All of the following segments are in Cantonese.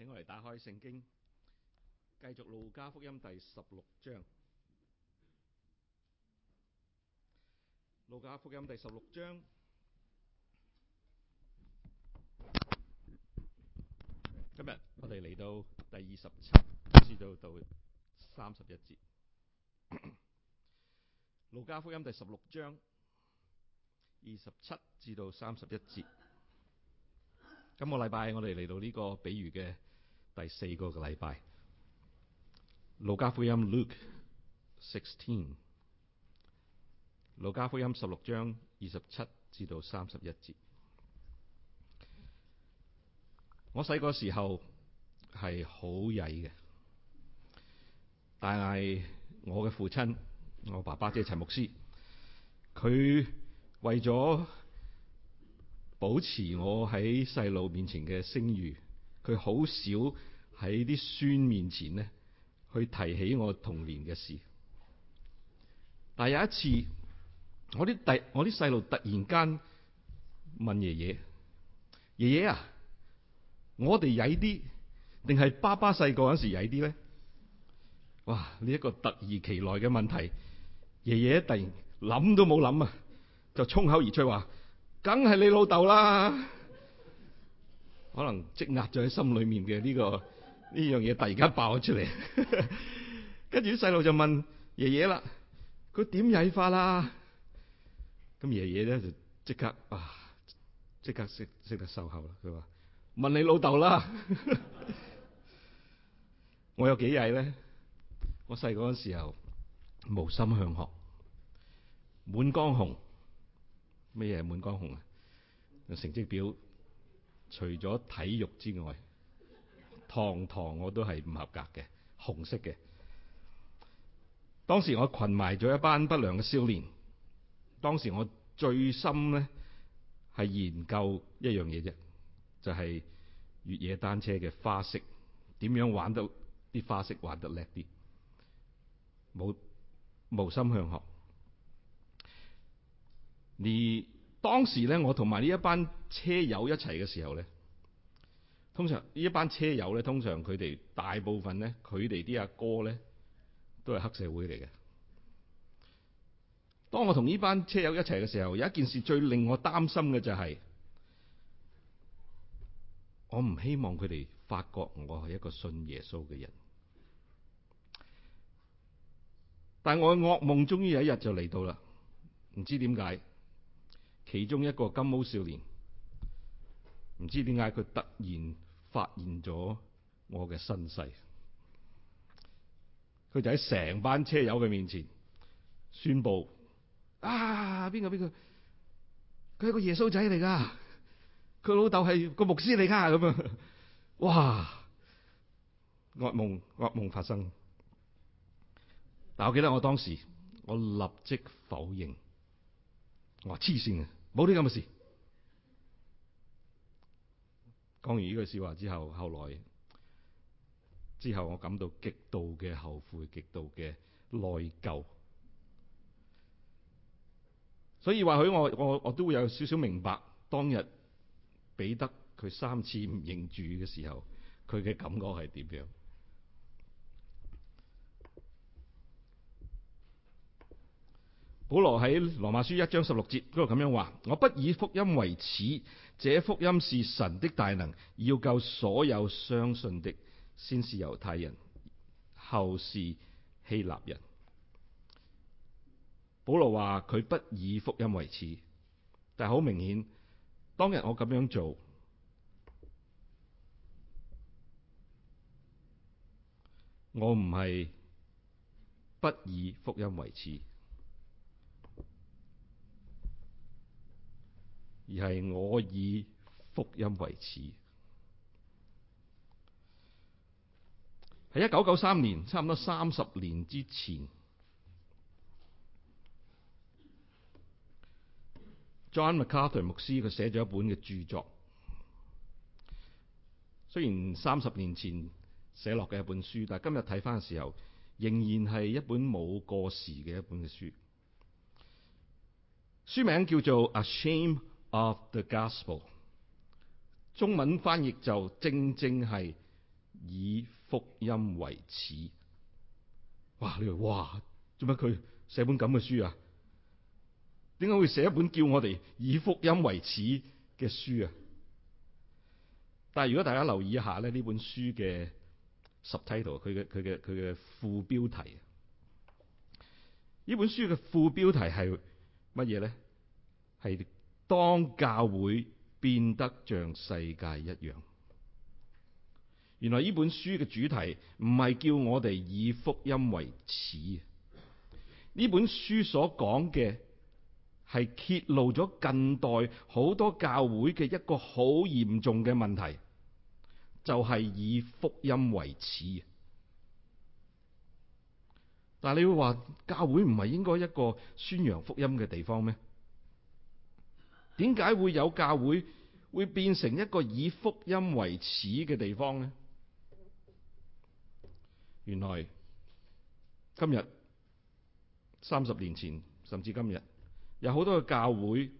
請我嚟，打開聖經，繼續路加福音第十六章。路加福音第十六章，今日我哋嚟到第二十七至到到三十一節。路加福音第十六章二十七至到三十一節。今個禮拜我哋嚟到呢個比喻嘅。第四個禮拜，路加福音十六章二十七至到三十一節。我細個時候係好曳嘅，但係我嘅父親，我爸爸即係陳牧師，佢為咗保持我喺細路面前嘅聲譽，佢好少。喺啲孫面前呢，去提起我童年嘅事。但有一次，我啲弟我啲細路突然間問爺爺：爺爺啊，我哋曳啲定係爸爸細個嗰陣時曳啲咧？哇！呢、這、一個突如其來嘅問題，爺爺突然諗都冇諗啊，就衝口而出話：梗係你老豆啦！可能積壓咗喺心裏面嘅呢、這個。呢樣嘢突然間爆出嚟，跟住啲細路就問爺爺啦，佢點曳法啦？咁爺爺咧就即刻啊即刻識識得售後啦。佢話，問你老豆啦， 我有幾曳咧？我細個嗰時候無心向學，滿江紅咩嘢？滿江紅啊？成績表除咗體育之外，堂堂我都係唔合格嘅，紅色嘅。當時我群埋咗一班不良嘅少年。當時我最深呢係研究一樣嘢啫，就係、是、越野單車嘅花式，點樣玩到啲花式玩得叻啲，冇無，無心向學。而當時呢，我同埋呢一班車友一齊嘅時候呢。通常呢一班車友咧，通常佢哋大部分咧，佢哋啲阿哥咧都係黑社會嚟嘅。當我同呢班車友一齊嘅時候，有一件事最令我擔心嘅就係，我唔希望佢哋發覺我係一個信耶穌嘅人。但我嘅惡夢終於有一日就嚟到啦，唔知點解，其中一個金毛少年，唔知點解佢突然發現咗我嘅身世，佢就喺成班車友嘅面前宣布：啊，邊個邊個，佢係個耶穌仔嚟噶，佢老豆係個牧師嚟噶咁啊！哇，噩夢噩夢發生！但我記得我當時，我立即否認，我話黐線啊，冇啲咁嘅事。講完呢句說話之後，後來之後我感到極度嘅後悔，極度嘅內疚。所以或許我我我都會有少少明白當日彼得佢三次唔認主嘅時候，佢嘅感覺係點樣？保羅喺羅馬書一章十六節嗰度咁樣話：「我不以福音為恥。這福音是神的大能，要救所有相信的，先是猶太人，後是希臘人。保羅話佢不以福音為恥，但好明顯，當日我咁樣做，我唔係不以福音為恥。而係我以福音為恥，係一九九三年，差唔多三十年之前，John MacArthur 牧師佢寫咗一本嘅著作。雖然三十年前寫落嘅一本書，但係今日睇返嘅時候，仍然係一本冇過時嘅一本嘅書。書名叫做《Ashamed》of the gospel，中文翻譯就正正係以福音為恥哇！你話哇，做乜佢寫本咁嘅書啊？點解會寫一本叫我哋以福音為恥嘅書啊？但係如果大家留意一下咧，呢本書嘅 subtitle，佢嘅佢嘅佢嘅副標題啊，呢本書嘅副標題係乜嘢咧？係。當教會變得像世界一樣，原來呢本書嘅主題唔係叫我哋以福音為恥。呢本書所講嘅係揭露咗近代好多教會嘅一個好嚴重嘅問題，就係以福音為恥。但你會話教會唔係應該一個宣揚福音嘅地方咩？點解會有教會會變成一個以福音為恥嘅地方呢？原來今日三十年前，甚至今日，有好多嘅教會，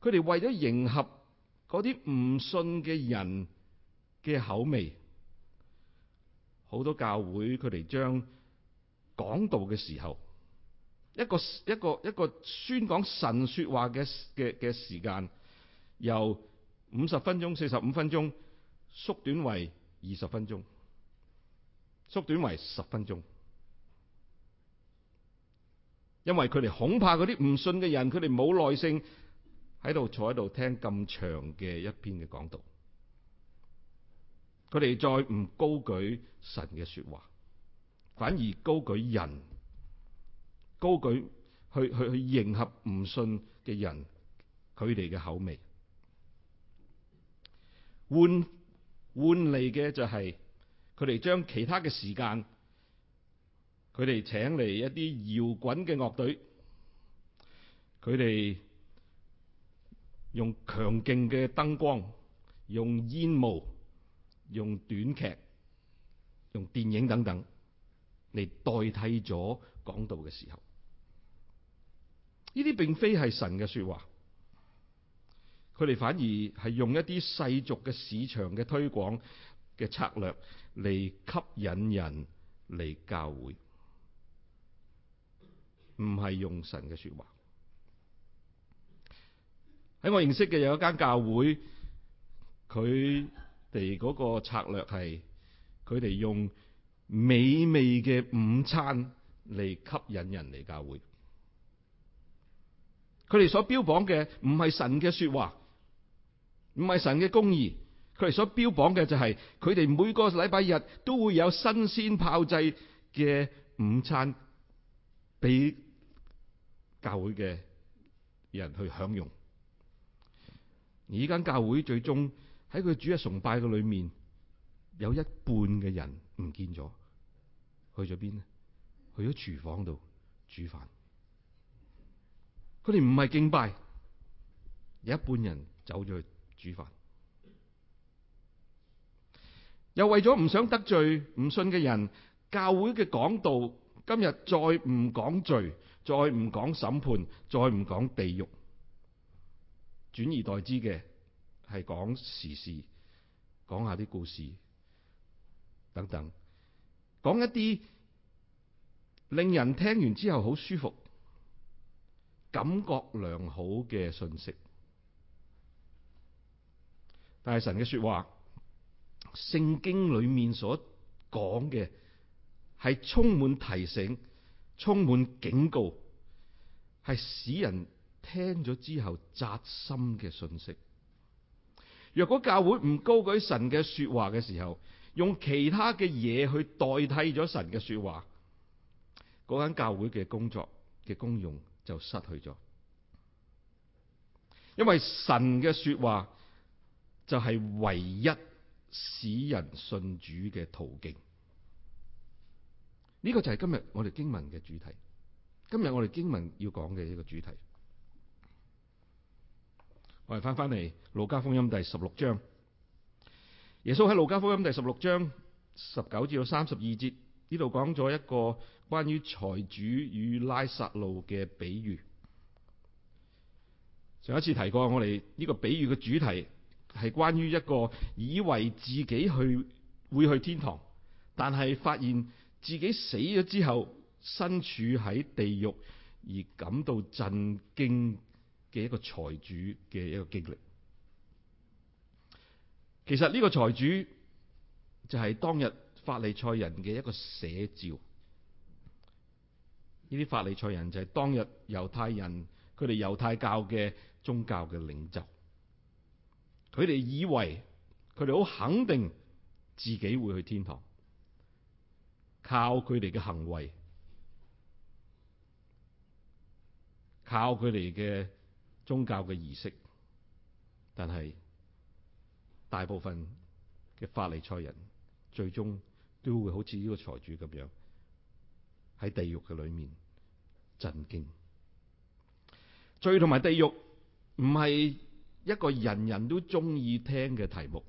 佢哋為咗迎合嗰啲唔信嘅人嘅口味，好多教會佢哋將講道嘅時候。一個一個一個宣講神說話嘅嘅嘅時間，由五十分鐘、四十五分鐘縮短為二十分鐘，縮短為十分鐘。因為佢哋恐怕嗰啲唔信嘅人，佢哋冇耐性喺度坐喺度聽咁長嘅一篇嘅講道，佢哋再唔高舉神嘅說話，反而高舉人。高舉去去去迎合唔信嘅人，佢哋嘅口味。換換嚟嘅就係佢哋將其他嘅時間，佢哋請嚟一啲搖滾嘅樂隊，佢哋用強勁嘅燈光、用煙霧、用短劇、用電影等等嚟代替咗講道嘅時候。呢啲並非係神嘅說話，佢哋反而係用一啲世俗嘅市場嘅推廣嘅策略嚟吸引人嚟教會，唔係用神嘅說話。喺我認識嘅有一間教會，佢哋嗰個策略係佢哋用美味嘅午餐嚟吸引人嚟教會。佢哋所標榜嘅唔係神嘅說話，唔係神嘅公義，佢哋所標榜嘅就係佢哋每個禮拜日都會有新鮮炮製嘅午餐俾教會嘅人去享用。而依間教會最終喺佢主日崇拜嘅裏面，有一半嘅人唔見咗，去咗邊呢？去咗廚房度煮飯。佢哋唔係敬拜，有一半人走咗去煮飯，又為咗唔想得罪唔信嘅人，教會嘅講道今日再唔講罪，再唔講審判，再唔講地獄，轉而代之嘅係講時事，講下啲故事等等，講一啲令人聽完之後好舒服感覺良好嘅信息，但係神嘅說話，聖經裏面所講嘅係充滿提醒、充滿警告，係使人聽咗之後紮心嘅信息。若果教會唔高舉神嘅說話嘅時候，用其他嘅嘢去代替咗神嘅說話，嗰間教會嘅工作嘅功用。就失去咗，因為神嘅說話就係唯一使人信主嘅途徑。呢個就係今日我哋經文嘅主題。今日我哋經文要講嘅一個主題，我哋翻翻嚟《路加福音》第十六章，耶穌喺《路加福音》第十六章十九至到三十二節。呢度講咗一個關於財主與拉撒路嘅比喻。上一次提過，我哋呢個比喻嘅主題係關於一個以為自己去會去天堂，但係發現自己死咗之後身處喺地獄而感到震驚嘅一個財主嘅一個經歷。其實呢個財主就係當日法利賽人嘅一個寫照，呢啲法利賽人就係當日猶太人佢哋猶太教嘅宗教嘅領袖，佢哋以為佢哋好肯定自己會去天堂，靠佢哋嘅行為，靠佢哋嘅宗教嘅儀式，但係大部分嘅法利賽人最終。都會好似呢個財主咁樣喺地獄嘅裏面震驚，罪同埋地獄唔係一個人人都中意聽嘅題目，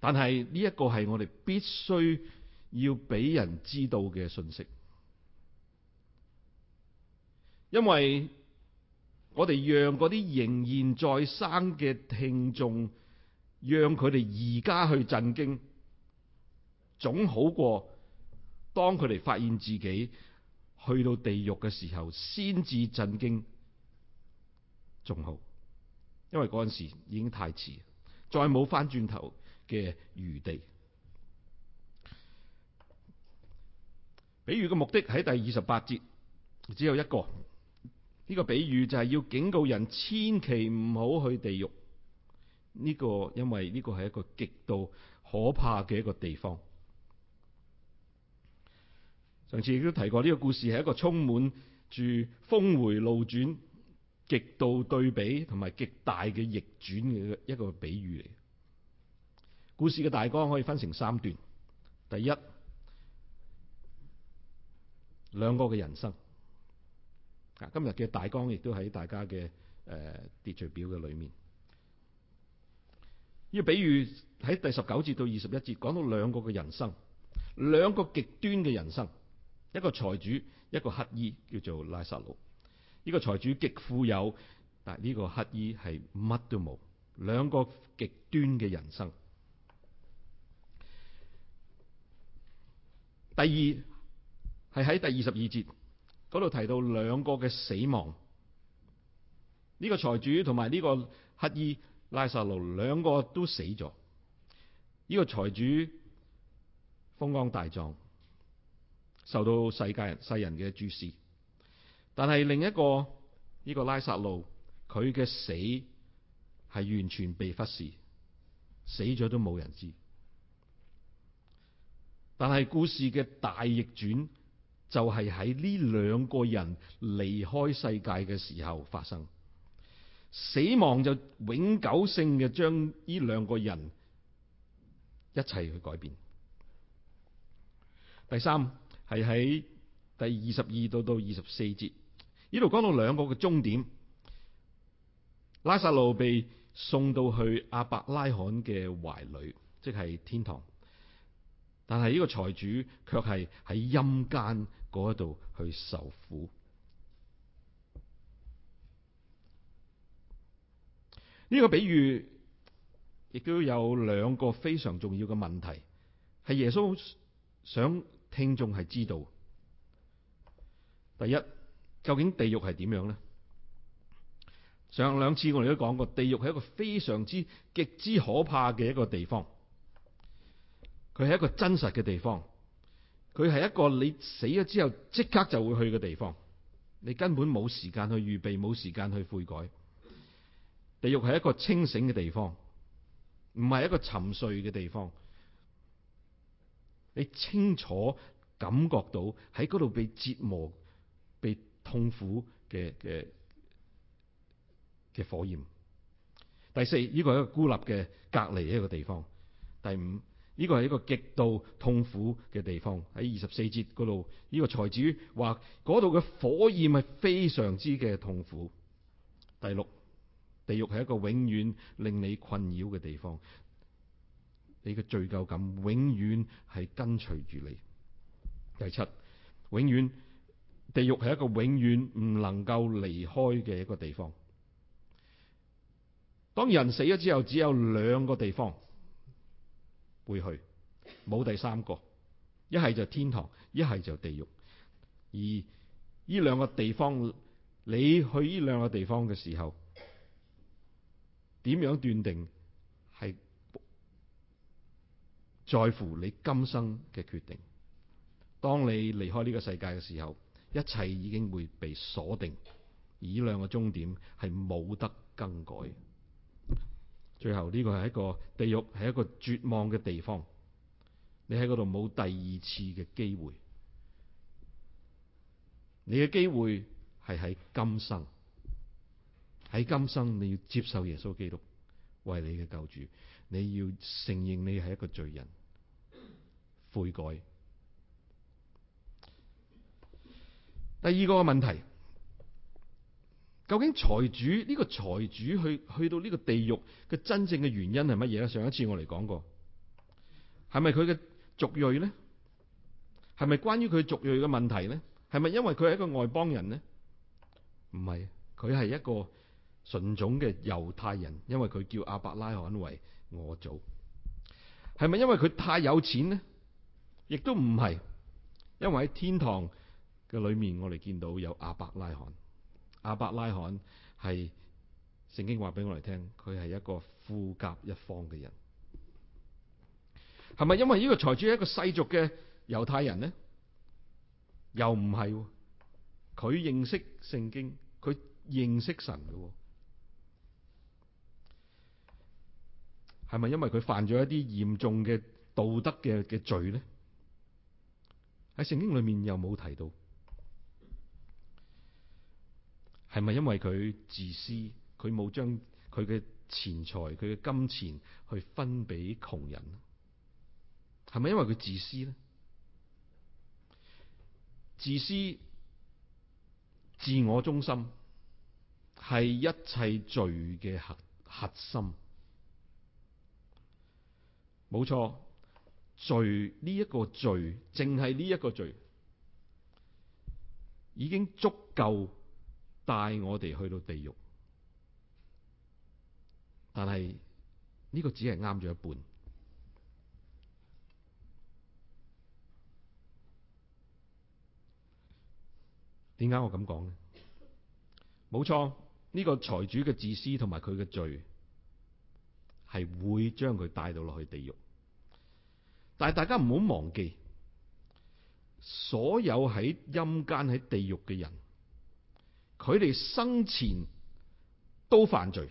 但係呢一個係我哋必須要俾人知道嘅信息，因為我哋讓嗰啲仍然在生嘅聽眾，讓佢哋而家去震驚。總好過當佢哋發現自己去到地獄嘅時候，先至震驚，仲好，因為嗰陣時已經太遲，再冇返轉頭嘅餘地。比喻嘅目的喺第二十八節只有一個，呢個比喻就係要警告人千祈唔好去地獄。呢個，因為呢個係一個極度可怕嘅一個地方。上次亦都提過呢個故事係一個充滿住峰回路轉、極度對比同埋極大嘅逆轉嘅一個比喻嚟。故事嘅大綱可以分成三段。第一兩個嘅人生，啊，今日嘅大綱亦都喺大家嘅誒，秩序表嘅裏面。呢個比喻喺第十九節到二十一節講到兩個嘅人生，兩個極端嘅人生。一個財主，一個乞衣，叫做拉撒路。呢個財主極富有，但呢個乞衣係乜都冇，兩個極端嘅人生。第二係喺第二十二節嗰度提到兩個嘅死亡。呢個財主同埋呢個乞衣拉撒路兩個都死咗。呢個財主風光大葬。受到世界世人嘅注視，但係另一個呢個拉撒路，佢嘅死係完全被忽視，死咗都冇人知。但係故事嘅大逆轉就係喺呢兩個人離開世界嘅時候發生，死亡就永久性嘅將呢兩個人一切去改變。第三。係喺第二十二到到二十四節，呢度講到兩個嘅終點，拉撒路被送到去阿伯拉罕嘅懷裏，即係天堂。但係呢個財主卻係喺陰間嗰度去受苦。呢個比喻亦都有兩個非常重要嘅問題，係耶穌想。聽眾係知道，第一，究竟地獄係點樣呢？上兩次我哋都講過，地獄係一個非常之極之可怕嘅一個地方，佢係一個真實嘅地方，佢係一個你死咗之後即刻就會去嘅地方，你根本冇時間去預備，冇時間去悔改。地獄係一個清醒嘅地方，唔係一個沉睡嘅地方。你清楚感覺到喺嗰度被折磨、被痛苦嘅嘅嘅火焰。第四，呢個係一個孤立嘅隔離一個地方。第五，呢個係一個極度痛苦嘅地方。喺二十四節嗰度，呢、這個財主話嗰度嘅火焰係非常之嘅痛苦。第六，地獄係一個永遠令你困擾嘅地方。你嘅罪疚感永遠係跟隨住你。第七，永遠，地獄係一個永遠唔能夠離開嘅一個地方。當人死咗之後，只有兩個地方會去，冇第三個。一係就天堂，一係就地獄。而呢兩個地方，你去呢兩個地方嘅時候，點樣斷定？在乎你今生嘅決定。當你離開呢個世界嘅時候，一切已經會被鎖定，而呢兩個終點係冇得更改。最後呢個係一個地獄，係一個絕望嘅地方。你喺度冇第二次嘅機會。你嘅機會係喺今生，喺今生你要接受耶穌基督為你嘅救主，你要承認你係一個罪人。悔改。第二個問題，究竟財主呢個財主去去到呢個地獄嘅真正嘅原因係乜嘢咧？上一次我嚟講過，係咪佢嘅族裔呢？係咪關於佢族裔嘅問題呢？係咪因為佢係一個外邦人呢？唔係，佢係一個純種嘅猶太人，因為佢叫亞伯拉罕為我祖。係咪因為佢太有錢呢？亦都唔係，因為喺天堂嘅裏面，我哋見到有亞伯拉罕。亞伯拉罕係聖經話俾我哋聽，佢係一個富甲一方嘅人。係咪因為呢個財主係一個世俗嘅猶太人呢？又唔係，佢認識聖經，佢認識神嘅。係咪因為佢犯咗一啲嚴重嘅道德嘅嘅罪呢？喺聖經裏面又冇提到，係咪因為佢自私？佢冇將佢嘅錢財、佢嘅金錢去分俾窮人？係咪因為佢自私呢？自私、自我中心，係一切罪嘅核核心，冇錯。罪呢一個罪，淨係呢一個罪，已經足夠帶我哋去到地獄。但係呢個只係啱咗一半。點解我咁講咧？冇錯，呢個財主嘅自私同埋佢嘅罪，係會將佢帶到落去地獄。但係大家唔好忘記，所有喺陰間喺地獄嘅人，佢哋生前都犯罪，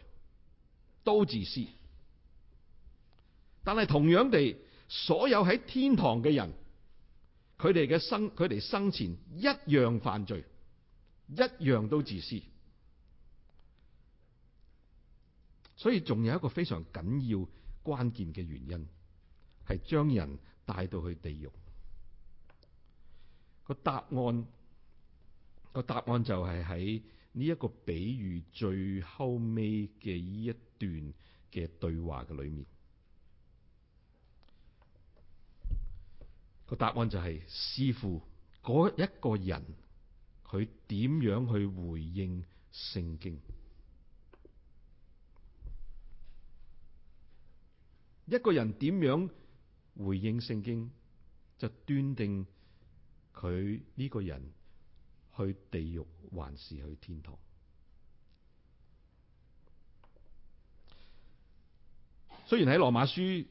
都自私。但係同樣地，所有喺天堂嘅人，佢哋嘅生佢哋生前一樣犯罪，一樣都自私。所以仲有一個非常緊要關鍵嘅原因，係將人帶到去地獄。個答案，個答案就係喺呢一個比喻最後尾嘅呢一段嘅對話嘅裏面。個答案就係、是、師傅嗰一個人，佢點樣去回應聖經？一個人點樣？回應聖經就端定佢呢個人去地獄還是去天堂。雖然喺羅馬書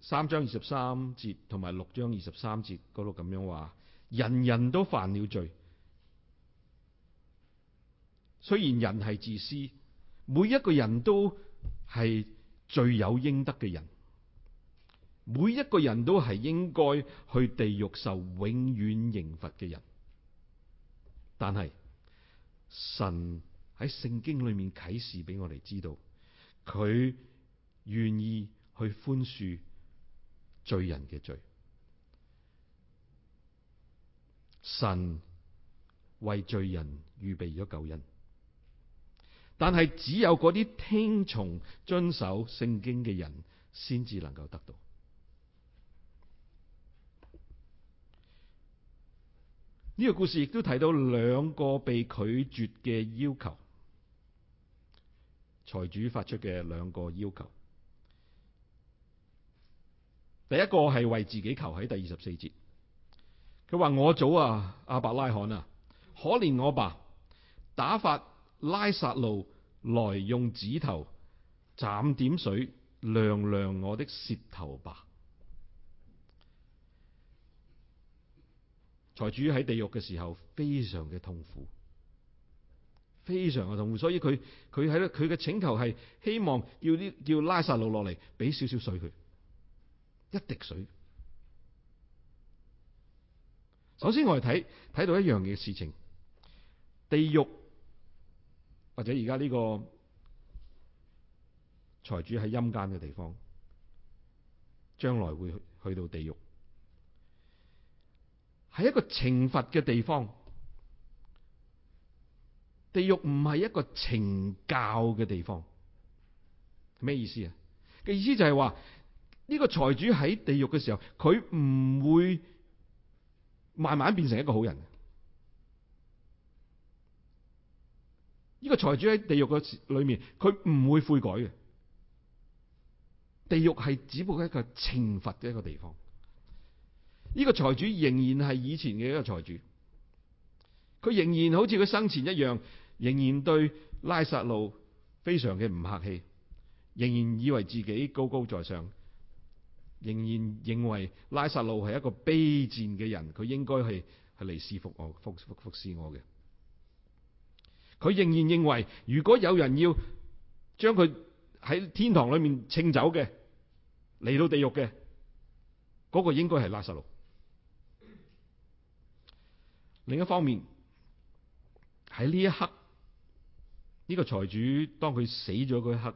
三章二十三節同埋六章二十三節度咁樣話，人人都犯了罪。雖然人係自私，每一個人都係罪有應得嘅人。每一個人都係應該去地獄受永遠刑罰嘅人，但係神喺聖經裏面啟示俾我哋知道，佢願意去寬恕罪人嘅罪。神為罪人預備咗救恩，但係只有嗰啲聽從遵守聖經嘅人先至能夠得到。呢個故事亦都提到兩個被拒絕嘅要求，財主發出嘅兩個要求。第一個係為自己求，喺第二十四節，佢話，我祖啊，亞伯拉罕啊，可憐我吧，打發拉撒路來用指頭斬點水涼涼我的舌頭吧。財主喺地獄嘅時候非常嘅痛苦，非常嘅痛苦，所以佢佢喺佢嘅請求係希望要啲要拉撒路落嚟，俾少少水佢一滴水。首先我哋睇睇到一樣嘢事情，地獄或者而家呢個財主喺陰間嘅地方，將來會去，去到地獄。係一個懲罰嘅地方，地獄唔係一個懲教嘅地方，咩意思啊？嘅意思就係話呢個財主喺地獄嘅時候，佢唔會慢慢變成一個好人。呢個財主喺地獄嘅裏面，佢唔會悔改嘅。地獄係只不過一個懲罰嘅一個地方。呢個財主仍然係以前嘅一個財主，佢仍然好似佢生前一樣，仍然對拉撒路非常嘅唔客氣，仍然以為自己高高在上，仍然認為拉撒路係一個卑賤嘅人，佢應該係係嚟侍奉我，服服服侍我嘅。佢仍然認為，如果有人要將佢喺天堂裏面請走嘅嚟到地獄嘅，嗰、那個應該係拉撒路。另一方面，喺呢一刻，呢、呢個財主當佢死咗嗰一刻，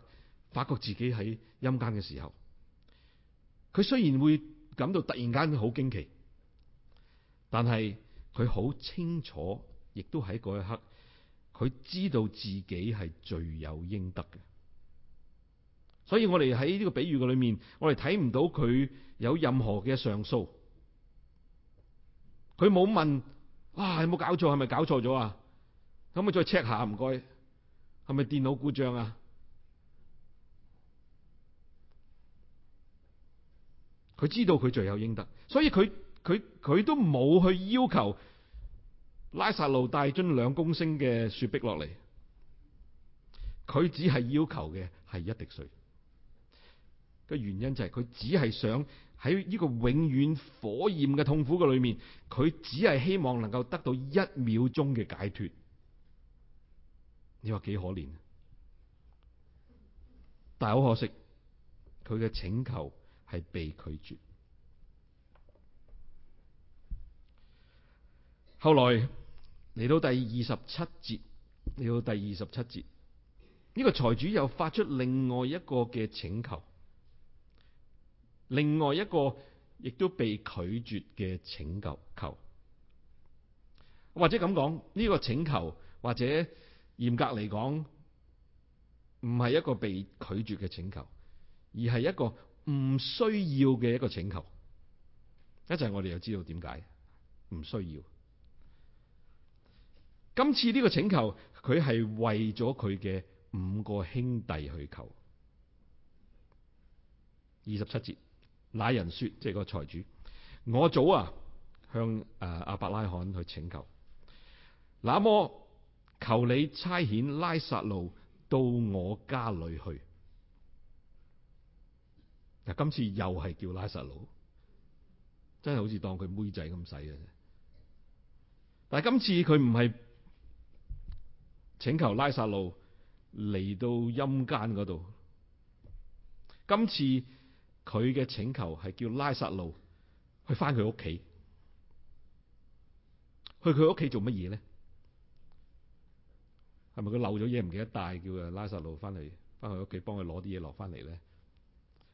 發覺自己喺陰間嘅時候，佢雖然會感到突然間好驚奇，但係佢好清楚，亦都喺嗰一刻，佢知道自己係罪有應得嘅。所以我哋喺呢個比喻嘅裏面，我哋睇唔到佢有任何嘅上訴，佢冇問。啊，有冇搞錯？係咪搞錯咗啊？咁啊，再 check 下，唔該，係咪電腦故障啊？佢知道佢罪有應得，所以佢佢佢都冇去要求拉撒路帶樽兩公升嘅雪碧落嚟，佢只係要求嘅係一滴水。個原因就係佢只係想。喺呢個永遠火焰嘅痛苦嘅裏面，佢只係希望能夠得到一秒鐘嘅解脱。你話幾可憐啊？但係好可惜，佢嘅請求係被拒絕。後來嚟到，第二十七節，嚟到第二十七節，呢個財主又發出另外一個嘅請求。另外一個亦都被拒絕嘅請求，求，或者咁講呢個請求，或者嚴格嚟講唔係一個被拒絕嘅請求，而係一個唔需要嘅一個請求。一陣我哋又知道點解唔需要。今次呢個請求佢係為咗佢嘅五個兄弟去求。二十七節。乃人說：即係個財主，我早啊向誒阿、呃、伯拉罕去請求，那麼求你差遣拉撒路到我家裏去。嗱，今次又係叫拉撒路，真係好似當佢妹仔咁使嘅！但係今次佢唔係請求拉撒路嚟到陰間嗰度，今次。佢嘅請求係叫拉撒路去翻佢屋企，去佢屋企做乜嘢咧？係咪佢漏咗嘢唔記得帶，叫佢拉撒路翻嚟翻去屋企幫佢攞啲嘢落翻嚟咧？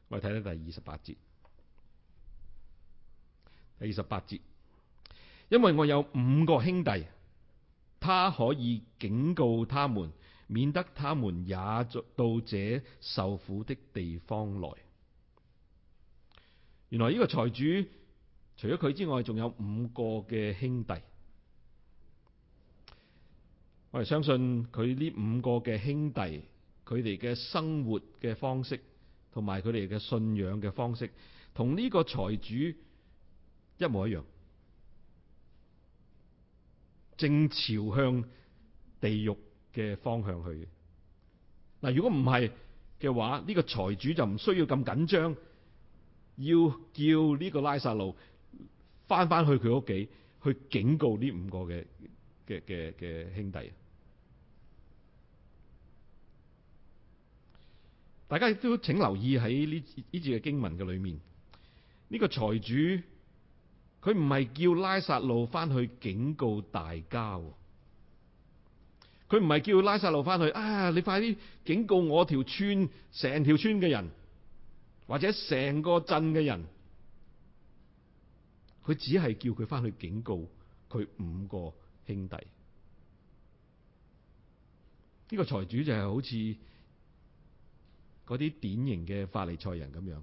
我哋睇睇第二十八節，第二十八節，因為我有五個兄弟，他可以警告他們，免得他們也到這受苦的地方來。原來呢個財主除咗佢之外，仲有五個嘅兄弟。我哋相信佢呢五個嘅兄弟，佢哋嘅生活嘅方式，同埋佢哋嘅信仰嘅方式，同呢個財主一模一樣，正朝向地獄嘅方向去。嗱，如果唔係嘅話，呢個財主就唔需要咁緊張。要叫呢個拉撒路翻翻去佢屋企，去警告呢五個嘅嘅嘅嘅兄弟。啊。大家亦都請留意喺呢呢段嘅經文嘅裏面，呢、這個財主佢唔係叫拉撒路翻去警告大家，佢唔係叫拉撒路翻去啊！你快啲警告我條村，成條村嘅人。或者成個鎮嘅人，佢只係叫佢翻去警告佢五個兄弟。呢、這個財主就係好似嗰啲典型嘅法利賽人咁樣，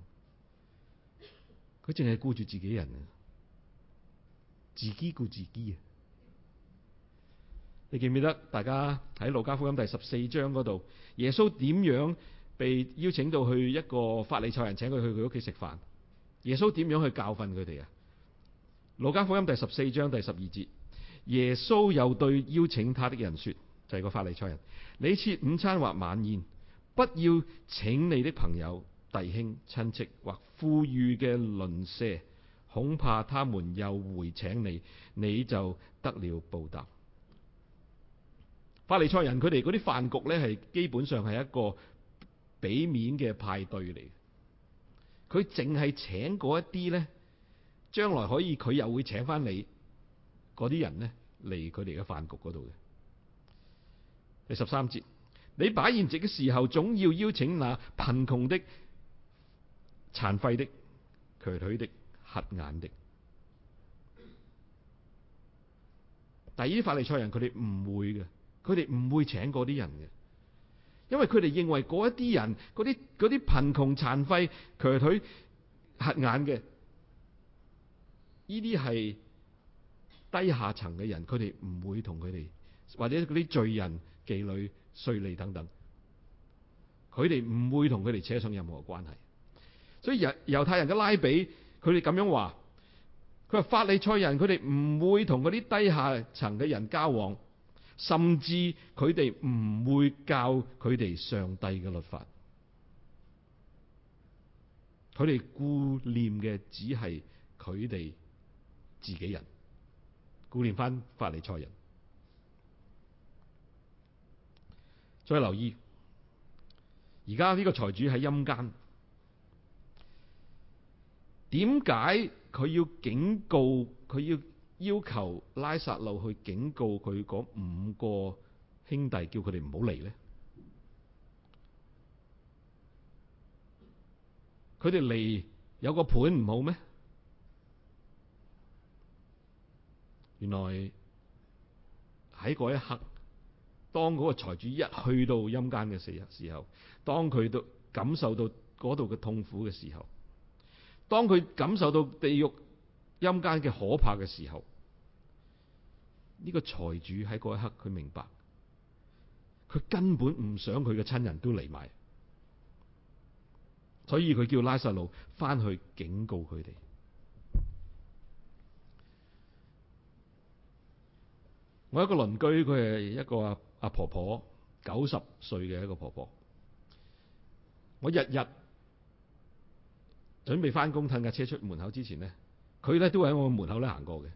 佢淨係顧住自己人啊，自己顧自己啊！你記唔記得大家喺路加福音第十四章嗰度，耶穌點樣？被邀請到去一個法利賽人請佢去佢屋企食飯。耶穌點樣去教訓佢哋啊？《路加福音》第十四章第十二節，耶穌又對邀請他的人說：就係、是、個法利賽人，你切午餐或晚宴，不要請你的朋友、弟兄、親戚或富裕嘅鄰舍，恐怕他們又回請你，你就得了報答。法利賽人佢哋嗰啲飯局呢，係基本上係一個。俾面嘅派對嚟，佢淨係請嗰一啲咧，將來可以佢又會請翻你嗰啲人咧嚟佢哋嘅飯局嗰度嘅。第十三節，你擺筵席嘅時候，總要邀請那貧窮的、殘廢的、瘸腿的、瞎眼的。但係呢啲法利賽人，佢哋唔會嘅，佢哋唔會請嗰啲人嘅。因為佢哋認為嗰一啲人，嗰啲嗰啲貧窮殘廢、瘸腿、瞎眼嘅，呢啲係低下層嘅人，佢哋唔會同佢哋，或者嗰啲罪人、妓女、稅吏等等，佢哋唔會同佢哋扯上任何關係。所以人猶太人嘅拉比，佢哋咁樣話，佢話法利賽人，佢哋唔會同嗰啲低下層嘅人交往。甚至佢哋唔會教佢哋上帝嘅律法，佢哋顧念嘅只係佢哋自己人，顧念翻法利賽人。再留意，而家呢個財主喺陰間，點解佢要警告佢要？要求拉撒路去警告佢嗰五個兄弟，叫佢哋唔好嚟呢。佢哋嚟有個盤唔好咩？原來喺嗰一刻，當嗰個財主一去到陰間嘅時候，時候當佢都感受到嗰度嘅痛苦嘅時候，當佢感，感受到地獄。陰間嘅可怕嘅時候，呢、這個財主喺嗰一刻，佢明白，佢根本唔想佢嘅親人都嚟埋，所以佢叫拉撒路翻去警告佢哋。我一個鄰居，佢係一個阿阿婆婆，九十歲嘅一個婆婆。我日日準備翻工，褪架車出門口之前咧。佢咧都係喺我門口咧行過嘅，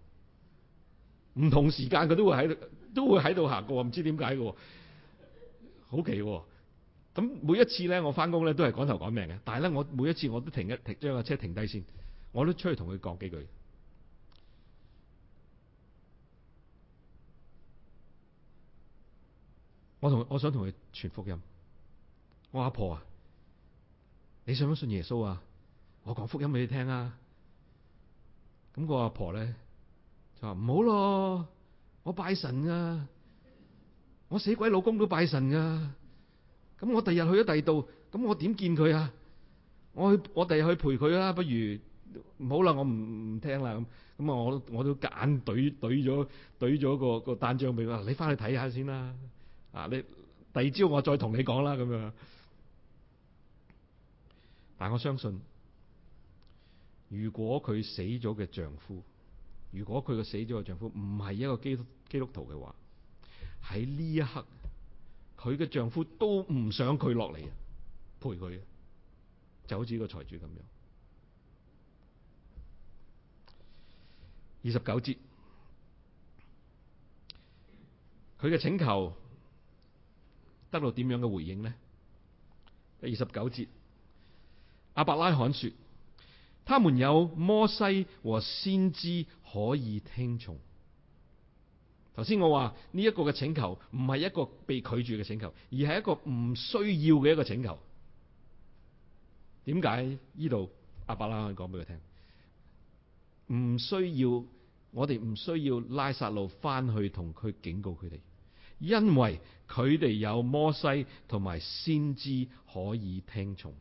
唔同時間佢都會喺都會喺度行過，唔知點解嘅，好奇喎、哦。咁每一次咧，我翻工咧都係趕頭趕命嘅，但係咧我每一次我都停一停，將個車停低先，我都出去同佢講幾句。我同我想同佢傳福音，我阿婆啊，你信唔信耶穌啊？我講福音俾你聽啊！咁個阿婆咧就話唔好咯，我拜神啊，我死鬼老公都拜神噶、啊，咁、嗯、我第日去咗第二度，咁、嗯、我點見佢啊？我去我第日去陪佢啦、啊，不如唔好啦，我唔唔聽啦咁，咁、嗯、啊我我都夾硬懟懟咗懟咗個個單張俾佢，你翻去睇下先啦，啊你第二朝我再同你講啦咁樣，但係我相信。如果佢死咗嘅丈夫，如果佢個死咗嘅丈夫唔係一個基督基督徒嘅話，喺呢一刻，佢嘅丈夫都唔想佢落嚟啊，陪佢啊，就好似個財主咁樣。二十九節，佢嘅請求得到點樣嘅回應咧？第二十九節，亞伯拉罕說。他們有摩西和先知可以聽從。頭先我話呢一個嘅請求唔係一個被拒絕嘅請求，而係一個唔需要嘅一個請求。點解？呢度阿伯拉罕講俾佢聽：唔需要，我哋唔需要拉撒路翻去同佢警告佢哋，因為佢哋有摩西同埋先知可以聽從。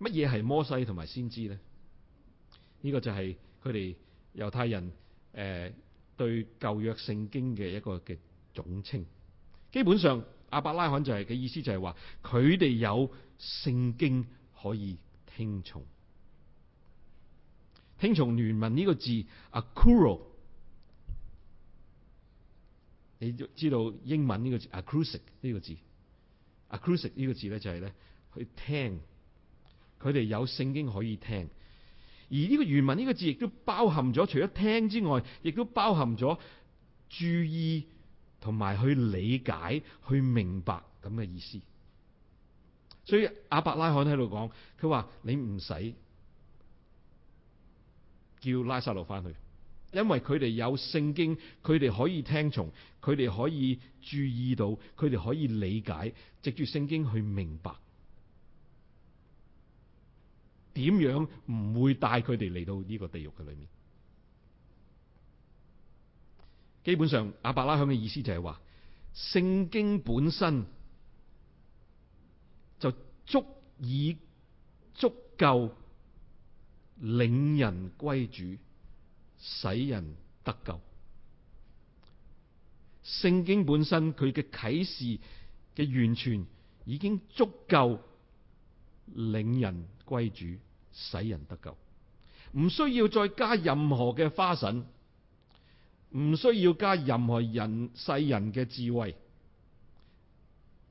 乜嘢係摩西同埋先知咧？呢、這個就係佢哋猶太人誒、呃、對舊約聖經嘅一個嘅總稱。基本上，亞伯拉罕就係、是、嘅意思就係話佢哋有聖經可以聽從。聽從原文呢個字，accro，你知道英文呢個字 acoustic 呢個字 acoustic 呢個字咧就係、是、咧去聽。佢哋有聖經可以聽，而呢個原文呢個字亦都包含咗，除咗聽之外，亦都包含咗注意同埋去理解、去明白咁嘅意思。所以亞伯拉罕喺度講，佢話你唔使叫拉撒路返去，因為佢哋有聖經，佢哋可以聽從，佢哋可以注意到，佢哋可以理解，藉住聖經去明白。點樣唔會帶佢哋嚟到呢個地獄嘅裏面？基本上亞伯拉罕嘅意思就係話，聖經本身就足以足夠領人歸主，使人得救。聖經本身佢嘅啟示嘅完全已經足夠領人，歸主，使人得救，唔需要再加任何嘅花神，唔需要加任何人世人嘅智慧、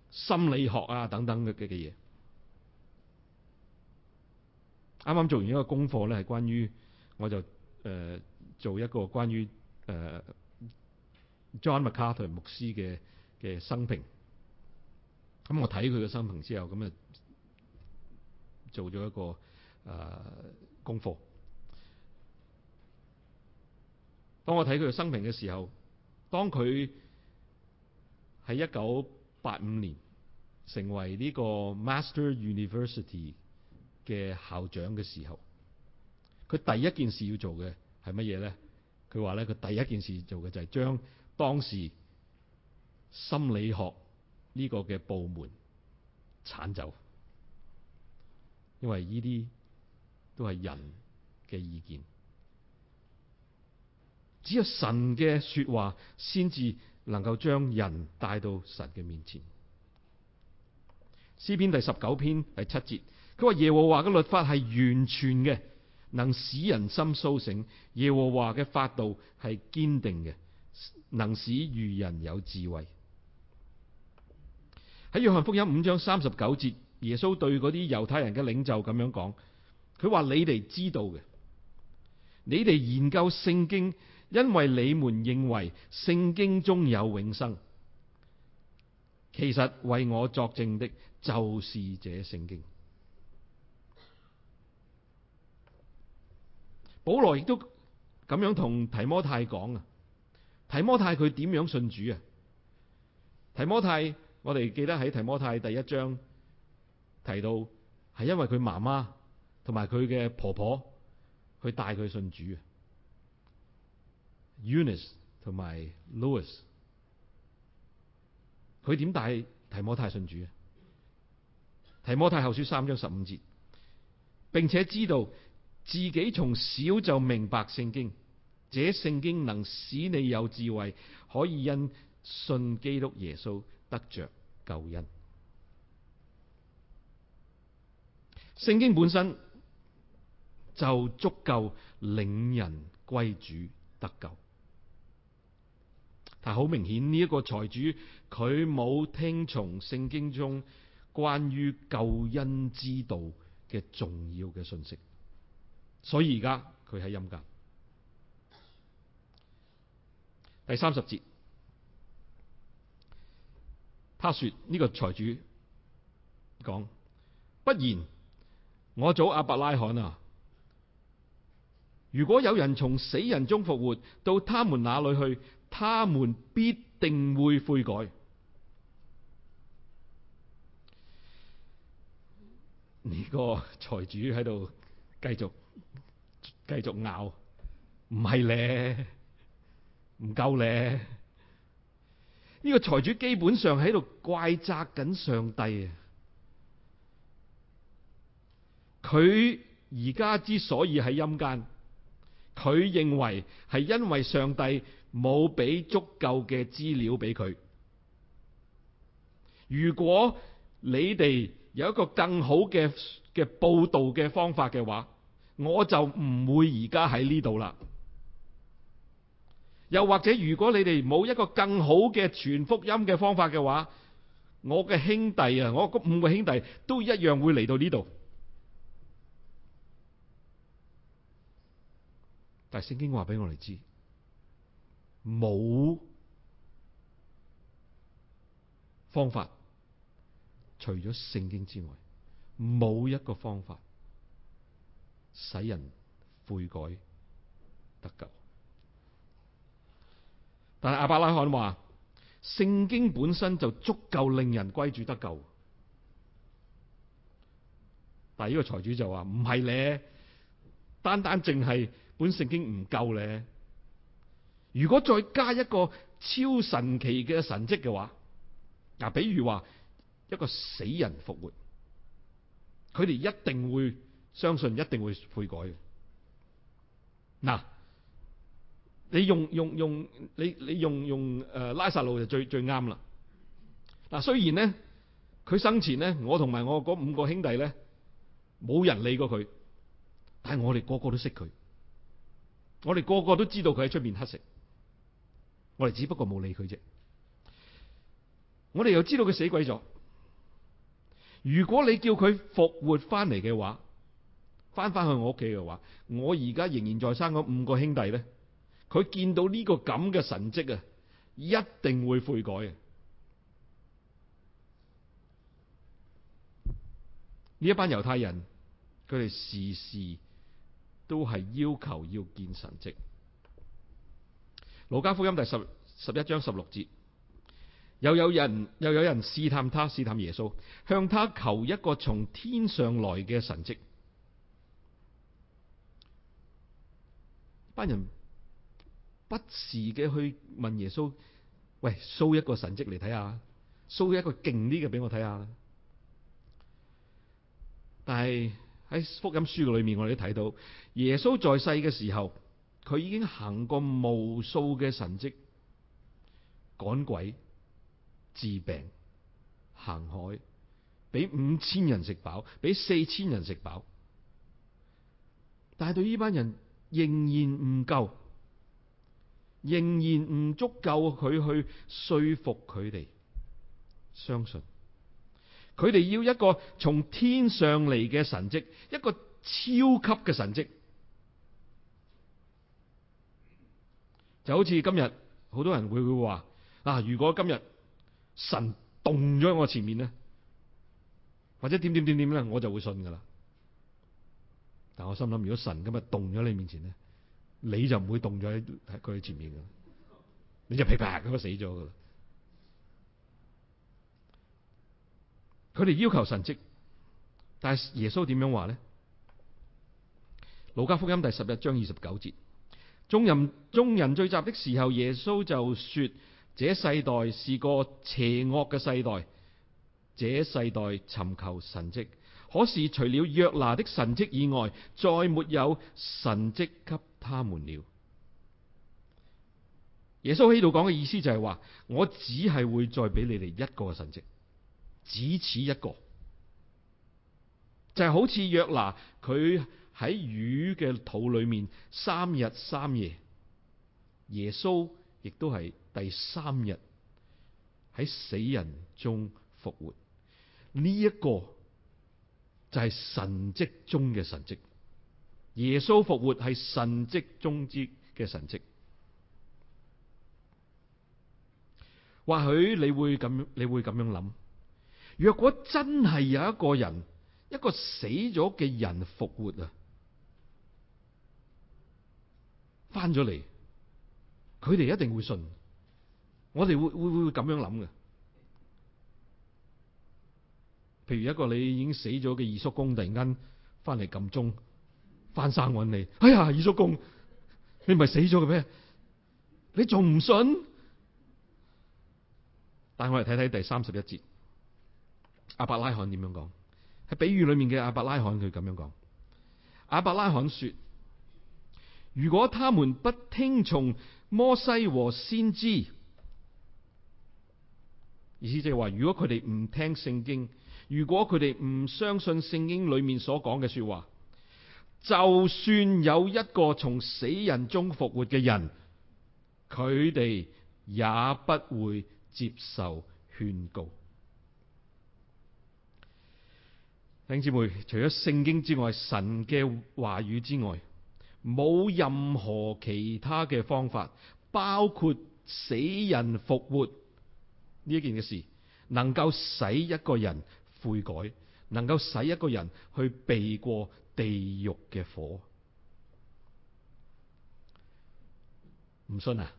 心理學啊等等嘅嘅嘢。啱啱做完一個功課咧，係關於我就誒、呃、做一個關於誒、呃、John MacArthur 牧師嘅嘅生平。咁我睇佢嘅生平之後，咁啊。做咗一個誒、呃、功課。當我睇佢嘅生平嘅時候，當佢喺一九八五年成為呢個 Master University 嘅校長嘅時候，佢第一件事要做嘅係乜嘢咧？佢話咧，佢第一件事做嘅就係將當時心理學呢個嘅部門剷走。因為呢啲都係人嘅意見，只有神嘅說話先至能夠將人帶到神嘅面前。詩篇第十九篇第七節，佢話耶和華嘅律法係完全嘅，能使人心蘇醒；耶和華嘅法度係堅定嘅，能使愚人有智慧。喺約翰福音五章三十九節。耶穌對嗰啲猶太人嘅領袖咁樣講，佢話，你哋知道嘅，你哋研究聖經，因為你們認為聖經中有永生，其實為我作證的，就是這聖經。保羅亦都咁樣同提摩太講啊，提摩太佢點樣信主啊？提摩太，我哋記得喺提摩太第一章。提到係因為佢媽媽同埋佢嘅婆婆去帶佢信主啊，Eunice 同埋 Lois，佢點帶提摩太信主啊？提摩太後書三章十五節，並且知道自己從小就明白聖經，這聖經能使你有智慧，可以因信基督耶穌得着救恩。聖經本身就足夠令人歸主得救，但好明顯呢一個財主佢冇聽從聖經中關於救恩之道嘅重要嘅信息，所以而家佢喺陰間。第三十節，他說呢個財主講，不然。我祖阿伯拉罕啊！如果有人從死人中復活，到他們那裏去，他們必定會悔改。呢 個財主喺度繼續繼續咬，唔係咧，唔夠咧。呢、這個財主基本上喺度怪責緊上帝啊！佢而家之所以喺陰間，佢認為係因為上帝冇俾足夠嘅資料俾佢。如果你哋有一個更好嘅嘅報道嘅方法嘅話，我就唔會而家喺呢度啦。又或者，如果你哋冇一個更好嘅傳福音嘅方法嘅話，我嘅兄弟啊，我五個兄弟都一樣會嚟到呢度。但聖經話俾我哋知，冇方法，除咗聖經之外，冇一個方法使人悔改得救。但係亞伯拉罕話，聖經本身就足夠令人歸主得救。但係呢個財主就話唔係咧，單單淨係。本聖經唔夠咧，如果再加一個超神奇嘅神跡嘅話，嗱，比如話一個死人復活，佢哋一定會相信，一定會悔改嘅。嗱，你用用用，你你用用誒拉撒路就最最啱啦。嗱，雖然呢，佢生前呢，我同埋我嗰五個兄弟呢，冇人理過佢，但係我哋個個都識佢。我哋個個都知道佢喺出面乞食，我哋只不過冇理佢啫。我哋又知道佢死鬼咗。如果你叫佢復活翻嚟嘅話，翻翻去我屋企嘅話，我而家仍然在生嗰五個兄弟咧，佢見到呢個咁嘅神蹟啊，一定會悔改嘅！呢一班猶太人，佢哋時時。都係要求要見神蹟。路加福音第十十一章十六節，又有人又有人試探他，試探耶穌，向他求一個從天上來嘅神蹟。班人不時嘅去問耶穌：，喂，show 一個神蹟嚟睇下，show 一個勁啲嘅俾我睇下啦。但係。喺福音書嘅裏面，我哋都睇到耶穌在世嘅時候，佢已經行過無數嘅神蹟，趕鬼、治病、行海，俾五千人食飽，俾四千人食飽，但係對呢班人仍然唔夠，仍然唔足夠佢去說服佢哋相信。佢哋要一個從天上嚟嘅神迹，一個超級嘅神蹟，就好似今日好多人會會話啊！如果今日神動咗喺我前面咧，或者點點點點咧，我就會信噶啦。但我心諗，如果神今日動咗你面前咧，你就唔會動咗喺喺佢前面噶，你就屁白白咁死咗噶啦。佢哋要求神蹟，但係耶穌點樣話咧？《路加福音》第十一章二十九節，眾人眾人聚集的時候，耶穌就說：這世代是個邪惡嘅世代，這世代尋求神蹟，可是除了約拿的神蹟以外，再沒有神蹟給他們了。耶穌喺度講嘅意思就係話，我只係會再俾你哋一個神蹟。只此一個，就係、是、好似約拿佢喺魚嘅肚裏面三日三夜，耶穌亦都係第三日喺死人中復活。呢、這、一個就係神蹟中嘅神蹟，耶穌復活係神蹟中之嘅神蹟。或許你會咁，你會咁樣諗。若果真係有一個人，一個死咗嘅人復活啊，翻咗嚟，佢哋一定會信。我哋會會會咁樣諗嘅。譬如一個你已經死咗嘅二叔公突然間翻嚟撳鐘，翻生揾你，哎呀，二叔公，你唔係死咗嘅咩？你仲唔信？但我哋睇睇第三十一節。亞伯拉罕點樣講？喺比喻裏面嘅亞伯拉罕佢咁樣講：亞伯拉罕說，如果他們不聽從摩西和先知，意思就係話，如果佢哋唔聽聖經，如果佢哋唔相信聖經裏面所講嘅說話，就算有一個從死人中復活嘅人，佢哋也不會接受勸告。弟兄姊妹，除咗聖經之外，神嘅話語之外，冇任何其他嘅方法，包括死人復活呢一件嘅事，能夠使一個人悔改，能夠使一個人去避過地獄嘅火。唔信啊？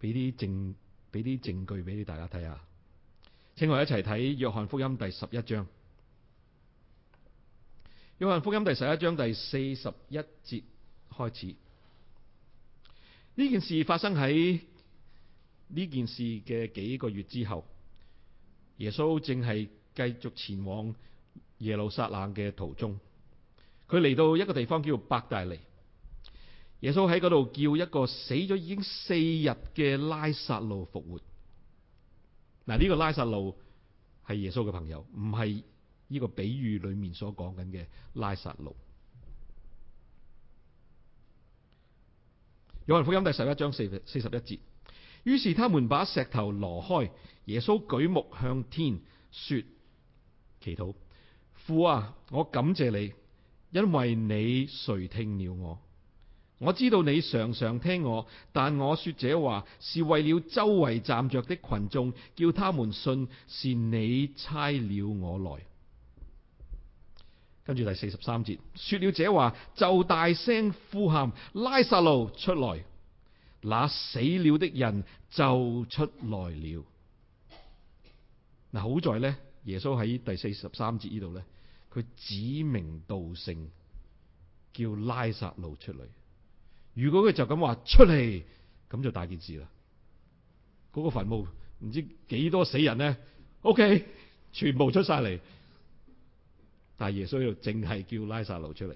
俾啲證，俾啲證據俾你大家睇下。請我一齊睇《約翰福音》第十一章，《約翰福音》第十一章第四十一節開始。呢件事發生喺呢件事嘅幾個月之後，耶穌正係繼續前往耶路撒冷嘅途中，佢嚟到一個地方叫伯大尼。耶穌喺嗰度叫一個死咗已經四日嘅拉撒路復活。嗱，呢個拉撒路係耶穌嘅朋友，唔係呢個比喻裏面所講緊嘅拉撒路。《約翰福音》第十一章四四十一節，於是他們把石頭挪開，耶穌舉目向天說祈禱：父啊，我感謝你，因為你垂聽了我。我知道你常常聽我，但我說這話是為了周圍站着的群眾，叫他們信是你差了我來。跟住第四十三節，說了這話就大聲呼喊，拉撒路出來，那死了的人就出來了。嗱，好在咧，耶穌喺第四十三節呢度咧，佢指名道姓叫拉撒路出來。如果佢就咁話出嚟，咁就大件事啦。嗰個墳墓唔知幾多死人咧，OK，全部出晒嚟。但係耶穌又淨係叫拉撒路出嚟。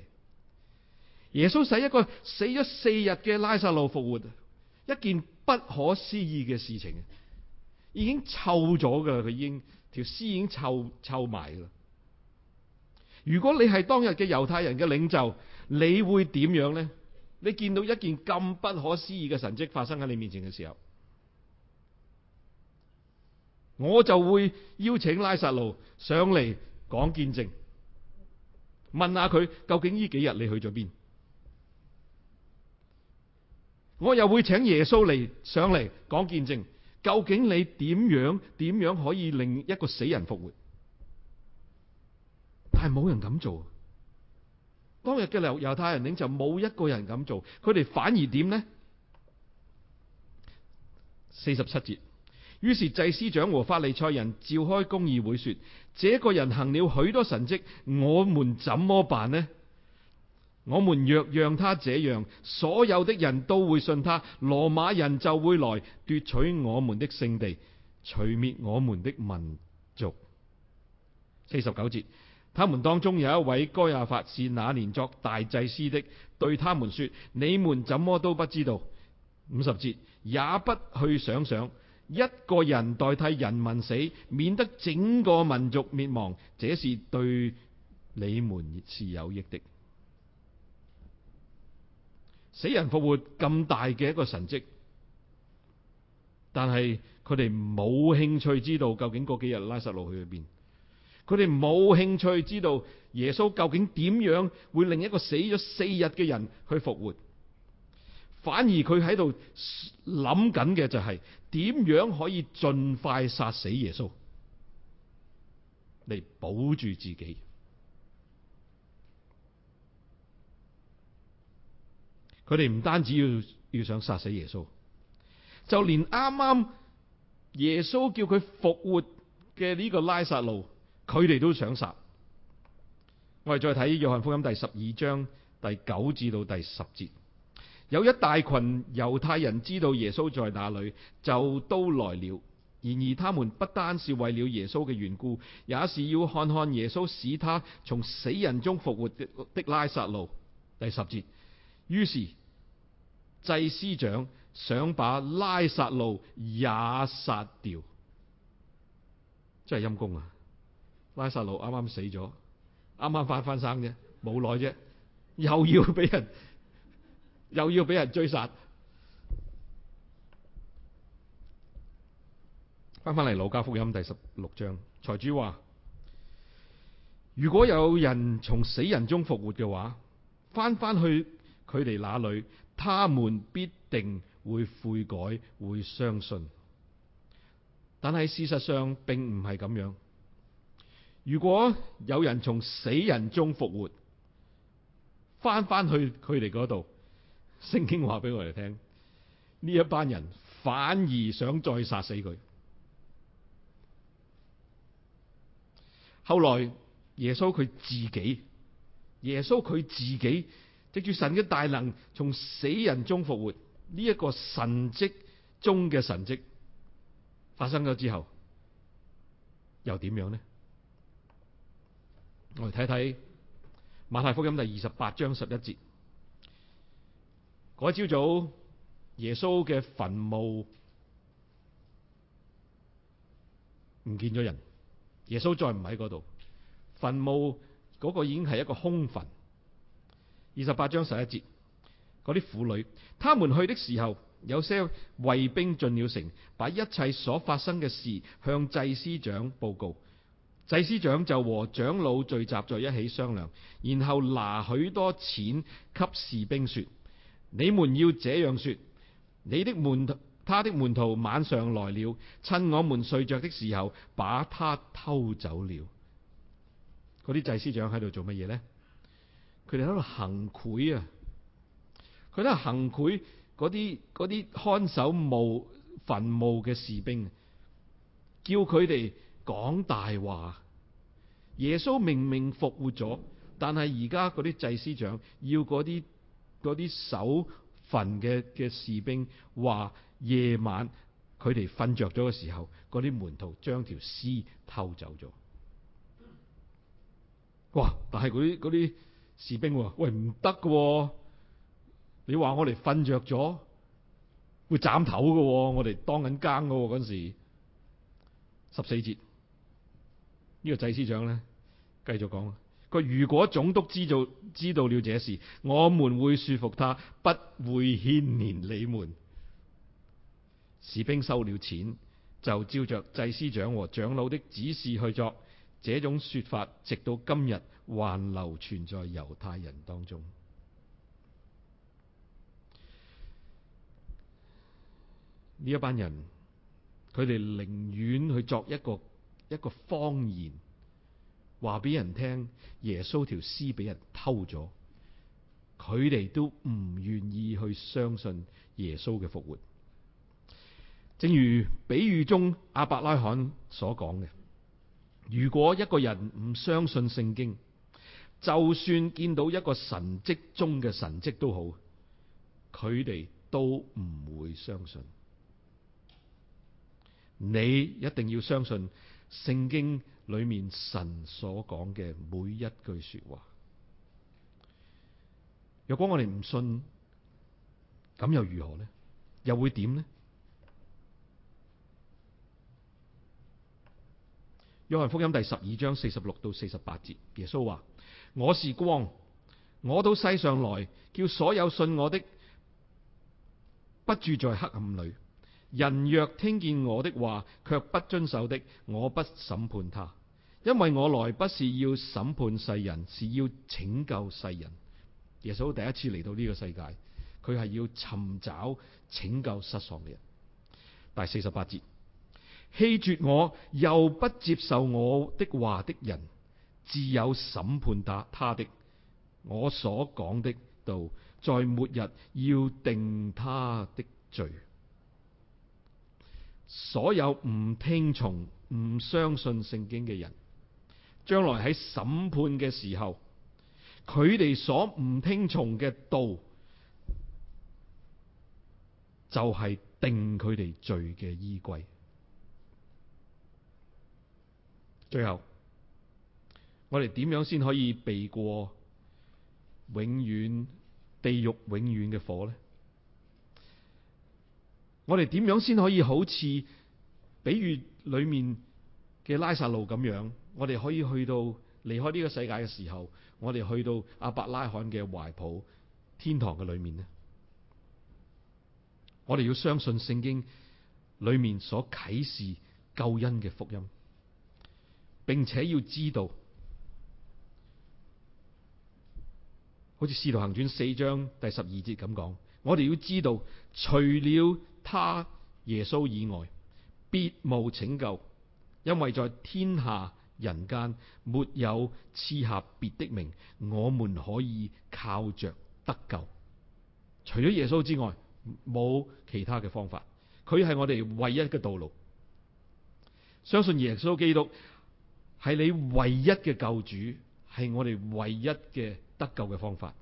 耶穌使一個死咗四日嘅拉撒路復活，一件不可思議嘅事情。已經臭咗噶，佢已經條屍已經臭臭埋噶。如果你係當日嘅猶太人嘅領袖，你會點樣咧？你見到一件咁不可思議嘅神蹟發生喺你面前嘅時候，我就會邀請拉撒路上嚟講見證，問下佢究竟呢幾日你去咗邊？我又會請耶穌嚟上嚟講見證，究竟你點樣點樣可以令一個死人復活？但係冇人敢做。當日嘅猶太人領袖就冇一個人咁做，佢哋反而點呢？四十七節，於是祭司長和法利賽人召開公議會說：這個人行了許多神蹟，我們怎麼辦呢？我們若讓他這樣，所有的人都會信他，羅馬人就會來奪取我們的聖地，除滅我們的民族。四十九節。他們當中有一位該亞法是那年作大祭司的，對他們說：你們怎麼都不知道？五十節，也不去想想，一個人代替人民死，免得整個民族滅亡，這是對你們是有益的。死人復活咁大嘅一個神蹟，但係佢哋冇興趣知道究竟嗰幾日拉撒路去咗邊。佢哋冇興趣知道耶穌究竟點樣會令一個死咗四日嘅人去復活，反而佢喺度諗緊嘅就係點樣可以盡快殺死耶穌，嚟保住自己。佢哋唔單止要要想殺死耶穌，就連啱啱耶穌叫佢復活嘅呢個拉撒路。佢哋都想殺。我哋再睇《約翰福音》第十二章第九至到第十節，有一大群猶太人知道耶穌在那裡，就都來了。然而他們不單是為了耶穌嘅緣故，也是要看看耶穌使他從死人中復活的拉撒路。第十節，於是祭司長想把拉撒路也殺掉，真係陰功啊！拉撒路啱啱死咗，啱啱翻翻生啫，冇耐啫，又要俾人，又要俾人追殺。翻翻嚟《路加福音》第十六章，財主話：如果有人從死人中復活嘅話，翻翻去佢哋那裏，他們必定會悔改，會相信。但係事實上並唔係咁樣。如果有人從死人中復活，翻翻去佢哋嗰度，聖經話俾我哋聽，呢一班人反而想再殺死佢。後來耶穌佢自己，耶穌佢自己，藉住神嘅大能從死人中復活，呢一個神蹟中嘅神蹟發生咗之後，又點樣呢？我哋睇睇馬太福音第二十八章十一節。嗰朝早耶穌嘅墳墓唔見咗人，耶穌再唔喺度，墳墓個已經係一個空墳。二十八章十一節，啲婦女，他們去的時候，有些衛兵進了城，把一切所發生嘅事向祭司長報告。祭司長就和長老聚集在一起商量，然後拿許多錢給士兵說：你們要這樣說，你的門徒，他的門徒晚上來了，趁我們睡着的時候把他偷走了。嗰啲祭司長喺度做乜嘢呢？佢哋喺度行賄啊！佢喺度行賄嗰啲嗰啲看守墓墳墓嘅士兵，叫佢哋，講大話，耶穌明明復活咗，但係而家嗰啲祭司長要嗰啲啲守墳嘅嘅士兵話，夜晚佢哋瞓着咗嘅時候，嗰啲門徒將條屍偷走咗。哇！但係嗰啲啲士兵話：喂，唔得嘅，你話我哋瞓着咗會斬頭嘅。哦，我哋當緊監嘅嗰時十四節。呢個祭司長呢，繼續講啊，佢如果總督知道知道了這事，我們會說服他不會牽連你們。嗯、士兵收了錢，就照着祭司長和長老的指示去作。這種說法直到今日還留存在猶太人當中。呢一班人，佢哋寧願去作一個。一個謊言話俾人聽，耶穌條屍俾人偷咗，佢哋都唔願意去相信耶穌嘅復活。正如比喻中阿伯拉罕所講嘅，如果一個人唔相信聖經，就算見到一個神蹟中嘅神蹟都好，佢哋都唔會相信。你一定要相信。聖經裏面神所講嘅每一句說話，若果我哋唔信，咁又如何呢？又會點呢？約翰福音第十二章四十六到四十八節，耶穌話，我是光，我到世上來，叫所有信我的，不住在黑暗裏。人若聽見我的話卻不遵守的，我不審判他，因為我來不是要審判世人，是要拯救世人。耶穌第一次嚟到呢個世界，佢係要尋找拯救失喪嘅人。第四十八節，棄絕我又不接受我的話的人，自有審判打他的。我所講的道，在末日要定他的罪。所有唔聽從、唔相信聖經嘅人，將來喺審判嘅時候，佢哋所唔聽從嘅道，就係定佢哋罪嘅依據。最後，我哋點樣先可以避過永遠地獄、永遠嘅火呢？我哋點樣先可以好似比喻裏面嘅拉撒路咁樣，我哋可以去到離開呢個世界嘅時候，我哋去到亞伯拉罕嘅懷抱、天堂嘅裏面呢？我哋要相信聖經裏面所啟示救恩嘅福音，並且要知道，好似《使徒行傳》四章第十二節咁講，我哋要知道，除了他耶穌以外，必無拯救，因為在天下人間沒有賜下別的名，我們可以靠着得救。除咗耶穌之外，冇其他嘅方法。佢係我哋唯一嘅道路。相信耶穌基督係你唯一嘅救主，係我哋唯一嘅得救嘅方法。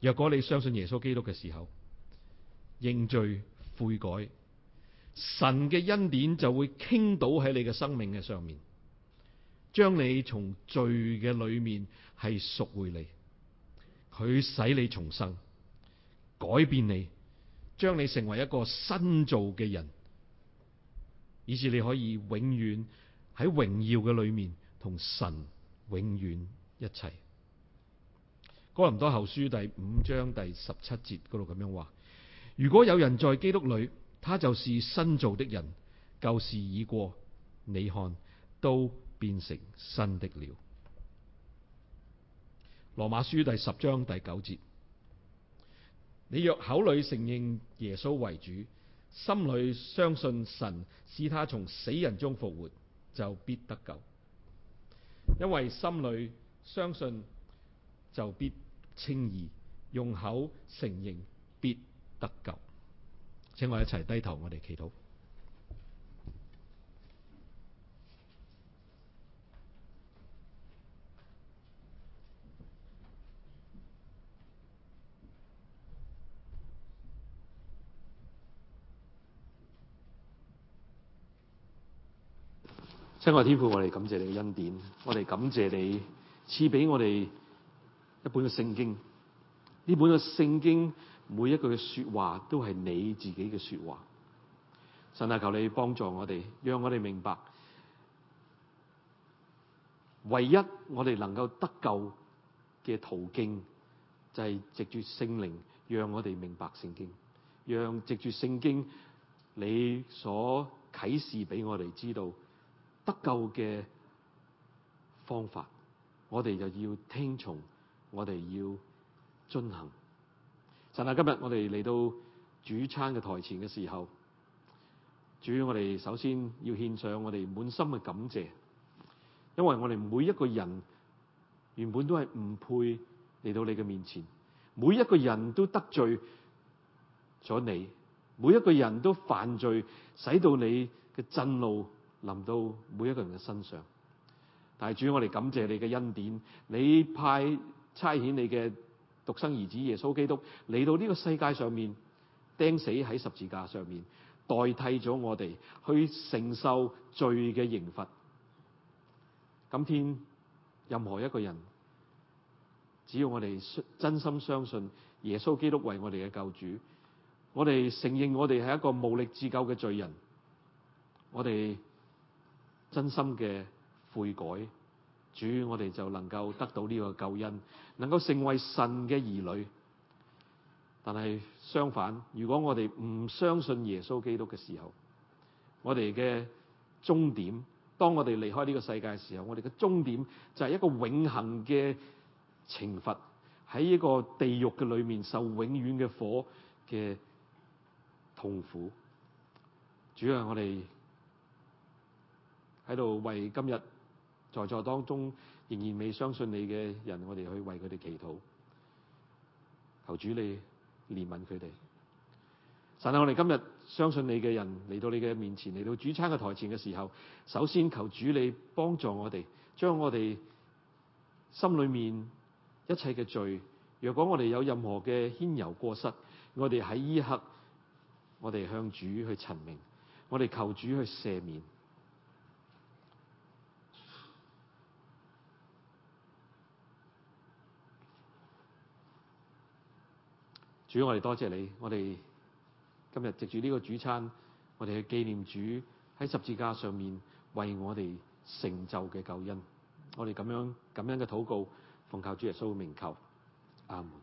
若果你相信耶穌基督嘅時候，認罪悔改，神嘅恩典就會傾倒喺你嘅生命嘅上面，將你從罪嘅裏面係贖回你，佢使你重生，改變你，將你成為一個新造嘅人，以至你可以永遠喺榮耀嘅裏面同神永遠一齊。哥林多後書第五章第十七節嗰度咁樣話。如果有人在基督裏，他就是新造的人，舊事已過，你看，都變成新的了。羅馬書第十章第九節：你若口裏承認耶穌為主，心裏相信神使他從死人中復活，就必得救，因為心裏相信就必稱義，用口承認，必。得救，請我一齊低頭，我哋祈禱。親愛嘅天父，我哋感謝你嘅恩典，我哋感謝你賜俾我哋一本嘅聖經，呢本嘅聖經。每一句說話都係你自己嘅說話，神啊，求你幫助我哋，讓我哋明白，唯一我哋能夠得救嘅途徑，就係、是、藉住聖靈，讓我哋明白聖經，讓藉住聖經，你所啟示俾我哋知道得救嘅方法，我哋就要聽從，我哋要遵行。就係，今日我哋嚟到主餐嘅台前嘅時候，主，我哋首先要獻上我哋滿心嘅感謝，因為我哋每一個人原本都係唔配嚟到你嘅面前，每一個人都得罪咗你，每一個人都犯罪，使到你嘅震怒臨到每一個人嘅身上。但係主，我哋感謝你嘅恩典，你派差遣你嘅。獨生兒子耶穌基督嚟到呢個世界上面釘死喺十字架上面，代替咗我哋去承受罪嘅刑罰。今天任何一個人，只要我哋真心相信耶穌基督為我哋嘅救主，我哋承認我哋係一個無力自救嘅罪人，我哋真心嘅悔改。主，我哋就能夠得到呢個救恩，能夠成為神嘅兒女。但係相反，如果我哋唔相信耶穌基督嘅時候，我哋嘅終點，當我哋離開呢個世界嘅時候，我哋嘅終點就係一個永恆嘅懲罰，喺呢個地獄嘅裏面受永遠嘅火嘅痛苦。主要啊，係我哋喺度為今日。在座當中仍然未相信你嘅人，我哋去為佢哋祈禱，求主你憐憫佢哋。但係，我哋今日相信你嘅人嚟到你嘅面前，嚟到主餐嘅台前嘅時候，首先求主你幫助我哋，將我哋心裏面一切嘅罪，若果我哋有任何嘅牽揉過失，我哋喺呢一刻，我哋向主去陳明，我哋求主去赦免。主，我哋多謝你。我哋今日藉住呢個主餐，我哋去紀念主喺十字架上面為我哋成就嘅救恩。我哋咁樣咁樣嘅禱告，奉靠主耶穌嘅名求，阿門。